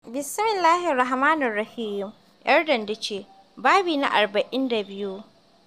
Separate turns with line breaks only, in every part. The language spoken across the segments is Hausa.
Bismillahirrahmanirrahim. 'Yar dandi ce, babi na arba'in da biyu.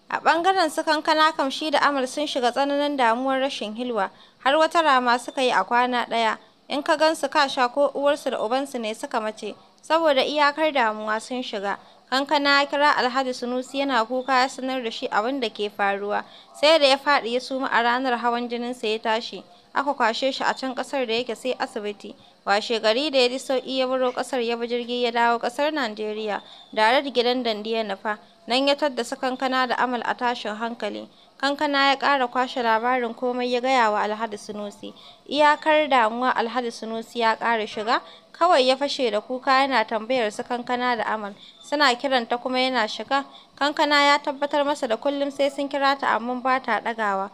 A ɓangaren su Kankana kam da Amal sun shiga tsananin damuwar rashin hilwa, har wata rama suka yi a kwana ɗaya. In ka gansu ka sha ko uwarsu da ubansu ne suka mace, saboda iyakar damuwa sun shiga. Kankana ya kira Alhaji Sunusi yana kuka ya sanar da shi abin da ke faruwa, sai da ya faɗi ya suma a ranar hawan jininsa ya tashi, aka kwashe shi a can ƙasar da yake sai asibiti. Washe gari da ya ji sauƙi ya baro ƙasar ya bi jirgi ya dawo ƙasar Najeriya, da da gidan Dande ya nufa, nan ya tadda sakankana da Amal a tashin hankali. Kankana ya ƙara kwashe labarin komai ya gaya wa Alhaji Sunusi. Iyakar damuwa Alhaji Sunusi ya ƙara shiga, kawai ya fashe da kuka yana tambayar su Kankana da Amal. Suna kiranta kuma yana shiga. Kankana ya tabbatar masa da kullum sai sun kira ta amma ba ta ɗagawa.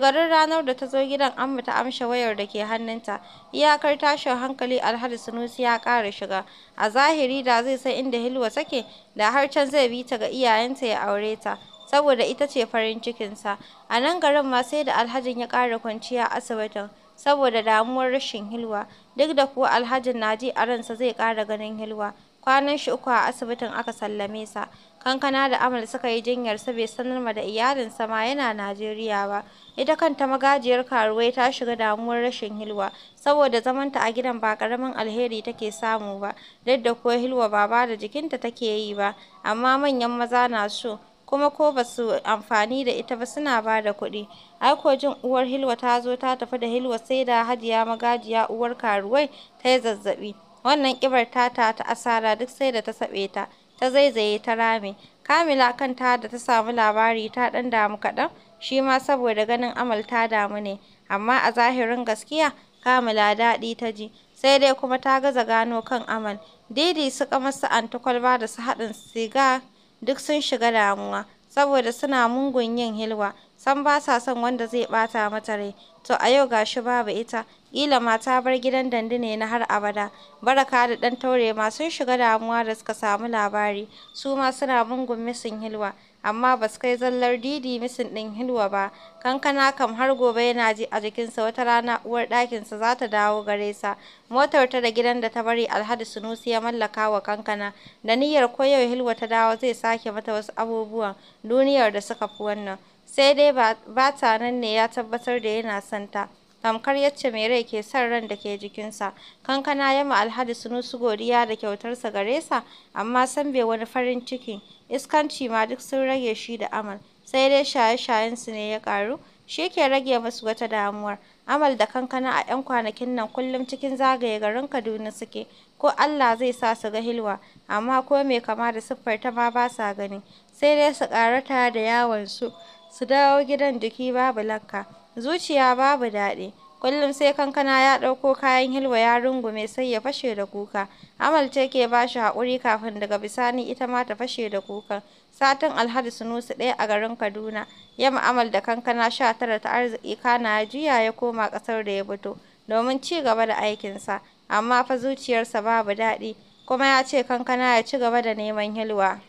garin ranar da ta zo gidan Amma ta amshe wayar da ke hannunta. Iyakar tashin hankali Alhaji Sunusi ya ƙara shiga. A zahiri da zai san inda Hilwa take, da har can zai bi ta ga iyayenta ya aure ta. saboda ita ce farin cikinsa. A nan garin ma sai da Alhajin ya kara kwanciya asibitin saboda damuwar rashin Hilwa, duk da kuwa Alhajin na ji a ransa zai ƙara ganin Hilwa. Kwanan shi uku a asibitin aka sallame sa. Kankana da Amal suka yi jinyarsa bai sanar ma da iyalinsa ma yana Najeriya ba. Ita kanta magajiyar karuwai ta shiga damuwar rashin Hilwa saboda zamanta a gidan ba karamin alheri take samu ba, duk da kuwa Hilwa ba ba da jikinta take yi ba, amma manyan maza na so. kuma ko ba su amfani da ita ba suna ba da kuɗi. Ai ko jin uwar Hilwa ta zo ta tafi da Hilwa sai da Hajiya Magajiya uwar karuwai ta yi zazzaɓi. Wannan ƙibar tata ta asara duk sai da ta saɓe ta, ta zaizaye ta rame. Kamila kanta da ta samu labari ta ɗan damu kaɗan, shi ma saboda ganin Amal ta damu ne. Amma a zahirin gaskiya, Kamila daɗi ta ji, sai dai kuma ta gaza gano kan Amal. Didi suka masa su kwalba da su haɗin siga duk sun shiga damuwa saboda suna mungun yin hilwa san ba sa son wanda zai bata mata rai to a yau gashi babu ita ƙila ma ta bar gidan dandi ne na har abada baraka da ɗan taure ma sun shiga damuwa da suka samu labari su ma suna mungun misin hilwa amma ba su kai zallar Didi misin ɗin Hilwa ba. Kankana kam har gobe yana ji a jikinsa wata rana uwar ɗakinsa za ta dawo gare sa. Motar ta da gidan da ta bari alhadi Sunusi ya mallaka wa Kankana da niyyar ko yau Hilwa ta dawo zai sake mata wasu abubuwan duniyar da suka fi wannan. Sai dai ba ta nan ne ya tabbatar da yana santa ta. tamkar yacce mai rai ke son ran da ke jikinsa kankana ya ma su nusu godiya da kyautarsa gare sa amma san bai wani farin ciki iskanci ma duk sun rage shi da amal sai dai shaye shayen su ne ya karu shi ke rage masu wata damuwar amal da kankana a 'yan kwanakin nan kullum cikin zagaye garin kaduna suke ko allah zai sa su ga hilwa amma ko mai kama da siffar ta ma ba sa gani sai dai su karata da yawon su su dawo gidan jiki babu lakka Zuciya babu daɗi. Kullum sai Kankana ya ɗauko kayan Hilwa ya rungume sai ya fashe da kuka. Amal ce ke ba shi haƙuri kafin daga bisani ita ma ta fashe da kuka Satin Alhaji sunusu ɗaya a garin Kaduna. Ya Amal da Kankana sha tara ta arziki kana ya juya ya koma ƙasar da ya fito domin ci gaba da aikinsa. Amma fa zuciyarsa babu daɗi. Kuma ya ce Kankana ya ci gaba da neman Hilwa.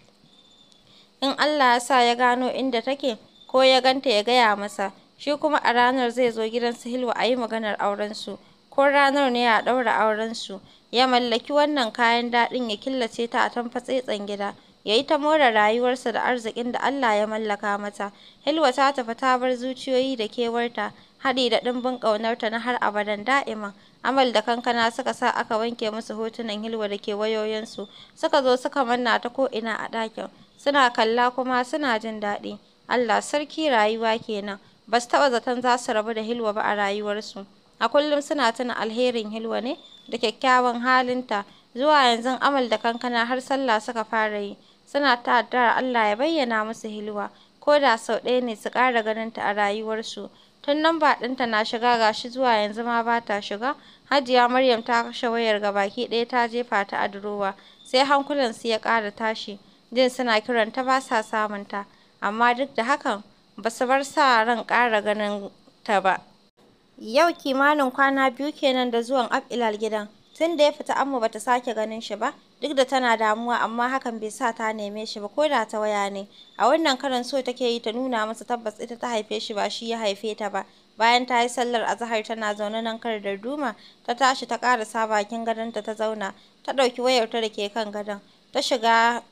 In Allah ya sa ya gano inda take ko ya ganta ya gaya masa. Shi kuma a ranar zai zo gidan su Hilwa a yi maganar aurensu, ko ranar ne a ɗaura aurensu, ya mallaki wannan kayan daɗin ya killace ta a tamfatsetsen gida, ya yi ta more rayuwarsa da arzikin da Allah ya mallaka mata. Hilwa ta tafi ta bar zuciyoyi da kewarta, haɗi da ɗimbin ƙaunarta na har abadan da'ima. Amal da kankana suka sa aka wanke musu hotunan Hilwa da ke wayoyinsu, suka zo suka manna ta ko'ina a ɗakin, suna kalla kuma suna jin daɗi. Allah sarki rayuwa kenan. ba su taɓa zaton za su rabu da Hilwa ba a rayuwarsu. A kullum suna tuna alherin Hilwa ne da kyakkyawan halinta. Zuwa yanzu Amal da Kankana har sallah suka fara yi. Suna ta addu'ar Allah ya bayyana musu Hilwa, ko da sau ɗaya ne su ƙara ganin ta a rayuwarsu. Tun nan ba ɗinta na shiga ga shi zuwa yanzu ma ba ta shiga. Hajiya Maryam ta kashe wayar ga baki ɗaya ta jefa ta a durowa. Sai hankulansu ya ƙara tashi, jin suna kiranta ba sa samunta. Amma duk da hakan, ba su bar sa ran ƙara ganin ta ba. Yau kimanin kwana biyu kenan da zuwan Abilal gidan. Tun da ya fita Amma bata sake ganin shi ba, duk da tana damuwa amma hakan bai sa ta neme shi ba ko da ta waya ne. A wannan karan so take yi ta nuna masa tabbas ita ta haife shi ba shi ya haife ta ba. Bayan ta yi sallar azahar tana zaune nan kar da duma, ta tashi ta sa bakin gadon ta ta zauna, ta ɗauki ta da ke kan gadon, ta shiga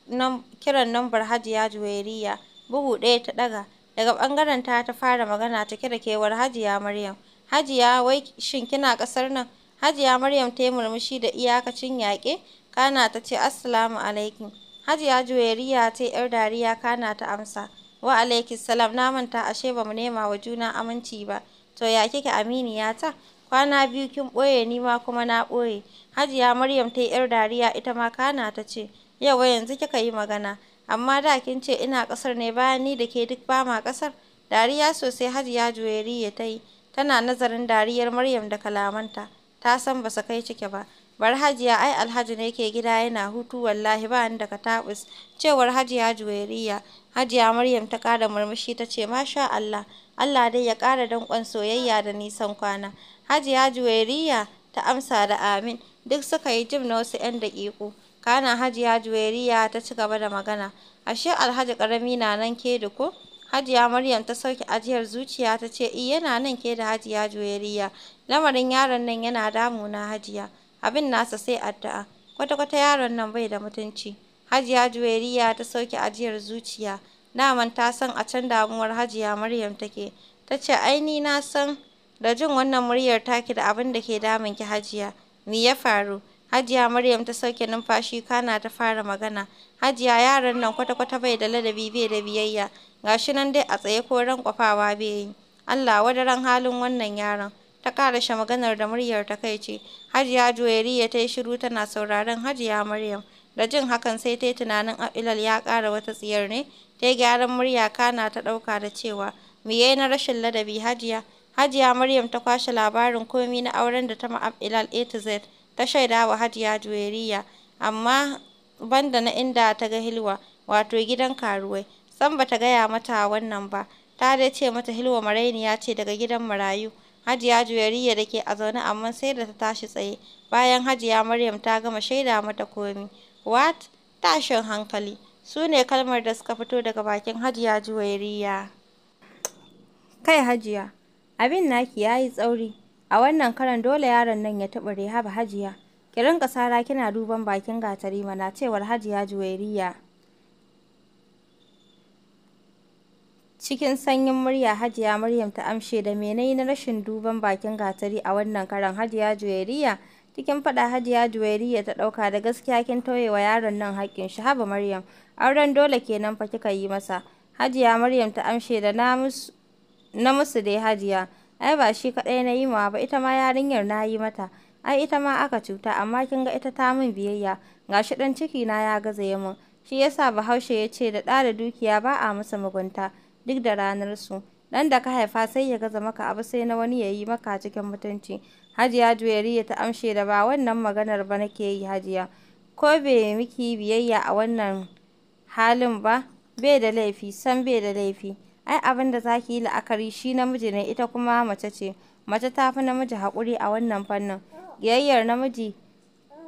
kiran nambar Hajiya Juwairiya, bugu ɗaya ta ɗaga, Daga ɓangaren ta ta fara magana cike da kewar Hajiya Maryam. Hajiya wai shin kina ƙasar nan? Hajiya Maryam ta yi murmushi da iyakacin yaƙe, kana ta ce Assalamu alaikum. Hajiya juweriya ta ‘yar dariya kana ta amsa. Wa alaikis salam na manta ashe ba mu nema wa juna aminci ba. To ya kike aminiya ta Kwana biyu kin ɓoye ni ma kuma na ɓoye. Hajiya Maryam ta yi ‘yar dariya ita ma kana ta ce, Yawa yanzu kika yi magana. amma da kin ce ina ƙasar ne bayan ni da ke duk ba ma ƙasar. Dariya sosai Hajiya Juwairiyya ta yi, tana nazarin dariyar Maryam da kalamanta, ta san ba su kai cike ba. Bar Hajiya ai Alhaji ne ke gida yana hutu wallahi ba ni daga katabus, cewar Hajiya juyariya Hajiya Maryam ta ƙara murmushi ta ce masha Allah, Allah dai ya ƙara danƙon soyayya da nisan kwana. Hajiya Juwairiyya ta amsa da amin, duk suka yi jim na wasu 'yan daƙiƙu. Kana Hajiya juweriya ta ci gaba da magana. Ashe Alhaji karami na nan ke da ko? Hajiya Maryam ta sauke ajiyar zuciya ta ce, "I eh, yana nan ke da Hajiya juweriya. Lamarin yaron nan yana damu na Hajiya. Abin nasa sai addu'a. Kwata-kwata yaron nan bai da mutunci." Hajiya juweriya ta sauke ajiyar zuciya. Naman ta san a can damuwar Hajiya Maryam take. Ta ce, "Ai ni na san da jin wannan muryar taki da abin da ke damun ki Hajiya. Me ya faru?" Hajiya Maryam ta sauke numfashi kana ta fara magana. Hajiya yaran nan kwata-kwata bai da ladabi bai da biyayya. ga shi nan dai a tsaye ko ran kwafawa bai yi. Allah wadaran halin wannan yaron. Ta karashe maganar da muryar ta kai ce. Hajiya ya ta yi shiru tana sauraron Hajiya Maryam. Da jin hakan sai ta yi tunanin Abilal ya kara wata tsiyar ne. Ta yi gyaran murya kana ta ɗauka da cewa me yayi na rashin ladabi Hajiya. Hajiya Maryam ta kwashe labarin komi na auren da ta ma Abilal A to Z. ta shaida wa Hajiya juweriya amma banda na inda ta ga Hilwa, wato gidan karuwai, san ba ta gaya mata wannan ba. Ta dai ce mata Hilwa marainiya ce daga gidan marayu. Hajiya juyariya da ke a zaune amma sai da ta tashi tsaye, bayan Hajiya Maryam ta gama shaida mata komi. wat Tashin hankali. Su ne kalmar da suka fito daga bakin Hajiya juyariya Kai Hajiya, abin naki yayi tsauri. A wannan karan dole yaron nan ya tuɓure ba hajiya, ki kasara sara kina duban bakin gatari mana cewar hajiya Juwairiya. Cikin sanyin murya hajiya Maryam ta amshe da menene na rashin duban bakin gatari a wannan karan hajiya Juwairiya cikin fada hajiya Juwairiya ta dauka da gaskiya kin tauye wa yaron nan hakkin shi haba Maryam auren dole kenan fa kika yi masa hajiya Maryam ta amshe da na musu na musu dai hajiya ai ba shi kaɗai na yi ma ba ita ma yarinyar na yi mata ai ita ma aka cuta amma kin ga ita ta min biyayya ga shi ɗan ciki na ya gazaye min shi yasa bahaushe ya ce da ɗa da dukiya ba a masa mugunta duk da ranar su ɗan da ka haifa sai ya gaza maka abu sai na wani ya yi maka cikin mutunci hajiya juweriya ta amshe da ba wannan maganar ba nake yi hajiya ko bai miki biyayya a wannan halin ba bai da laifi san bai da laifi ai abin da zaki yi la'akari shi namiji ne ita kuma mace ce mace ta fi namiji haƙuri a wannan fannin yayyar namiji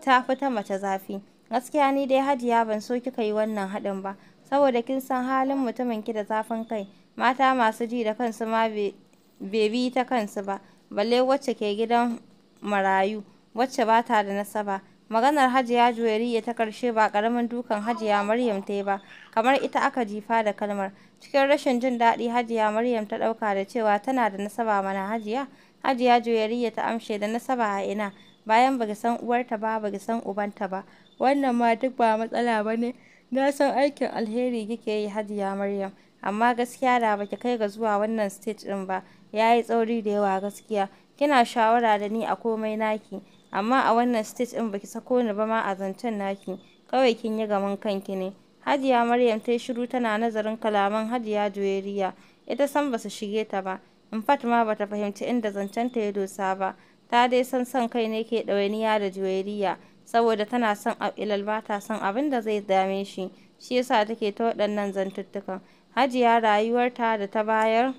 ta fi ta mace zafi gaskiya ni dai hajiya ban so kika yi wannan haɗin ba saboda kin san halin mutumin ki da zafin kai mata masu ji da kansu ma bebi bi ta kansu ba balle wacce ke gidan marayu wacce ba ta da nasaba Maganar Hajiya Juwairiyya ta ƙarshe ba ƙaramin dukan Hajiya Maryam ta yi ba, kamar ita aka jifa da kalmar. Cikin rashin jin daɗi Hajiya Maryam ta ɗauka da cewa tana da nasaba mana Hajiya. Hajiya Juwairiyya ta amshe da nasaba a ina, bayan ba san uwarta ba, ba san ubanta ba. Wannan ma duk ba matsala ba ne, na san aikin alheri kike yi Hajiya Maryam. Amma gaskiya da baki kai ga zuwa wannan stage ɗin ba, ya yi tsauri da yawa gaskiya. Kina shawara da ni a komai naki. amma a wannan stage ɗin baki sako ni ba ma a zancen naki, kawai kin yi gaman kanki ne. Hajiya Maryam ta yi shiru tana nazarin kalaman Hajiya juweriya ita san ba su shige ta ba, in fatma ma ba ta fahimci inda zancen ta ya dosa ba, ta dai san son kai ne ke ɗawainiya da juweriya saboda tana son Abilal ba ta son abin da zai dame shi, shi yasa take ta waɗannan zantuttukan. Hajiya rayuwarta da ta bayar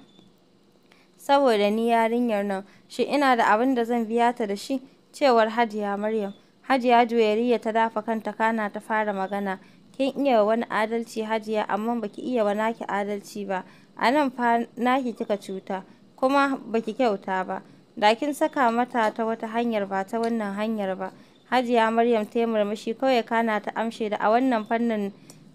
saboda ni yarinyar nan, shi ina da abin da zan biya ta da shi, cewar Hajiya Maryam. Hajiya Juwairiyya ta dafa kanta kana ta fara magana. Kin iya wa wani adalci Hajiya amma baki iya wa naki adalci ba. A nan fa naki kika cuta kuma baki kyauta ba. Da kin saka mata ta wata hanyar ba ta wannan hanyar ba. Hajiya Maryam ta murmushi kawai kana ta amshe da a wannan fannin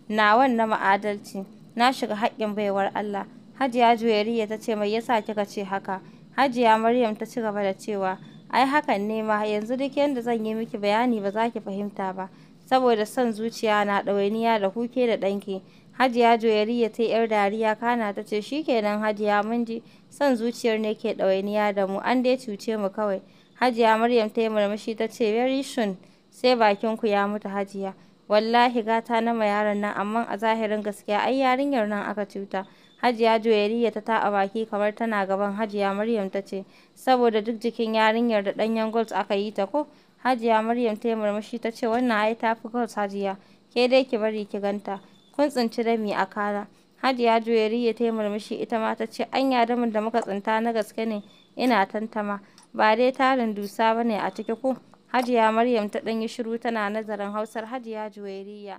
na wannan ma'adalci. Na shiga haƙƙin baiwar Allah. Hajiya Juwairiyya ta ce mai yasa kika ce haka? Hajiya Maryam ta ci gaba da cewa ai hakan ne ma yanzu duk yanda zan yi miki bayani ba za ki fahimta ba saboda son zuciya na ɗawainiya da kuke da ɗanki hajiya joyariya ta yar dariya kana ta ce kenan hajiya mun ji son zuciyar ne ke ɗawainiya da mu an dai cuce mu kawai hajiya maryam ta yi murmushi ta ce very soon sai bakin ku ya mutu hajiya wallahi gata na ma yaron nan amma a zahirin gaskiya ai yarinyar nan aka cuta Hajiya Joyariya ta taɓa baki kamar tana gaban Hajiya Maryam ta ce, saboda duk jikin yarinyar da ɗanyen gold aka yi ta ko? Hajiya Maryam ta yi murmushi ta ce wannan ai ta fi gold Hajiya, ke dai ki bari ki ganta, kun tsinci dami a kara. Hajiya Joyariya ta yi murmushi ita ma ta ce anya damin da muka tsinta na gaske ne ina tantama, ba dai tarin dusa ba ne a ciki ko? Hajiya Maryam ta ɗan yi shiru tana nazarin Hausar Hajiya Joyariya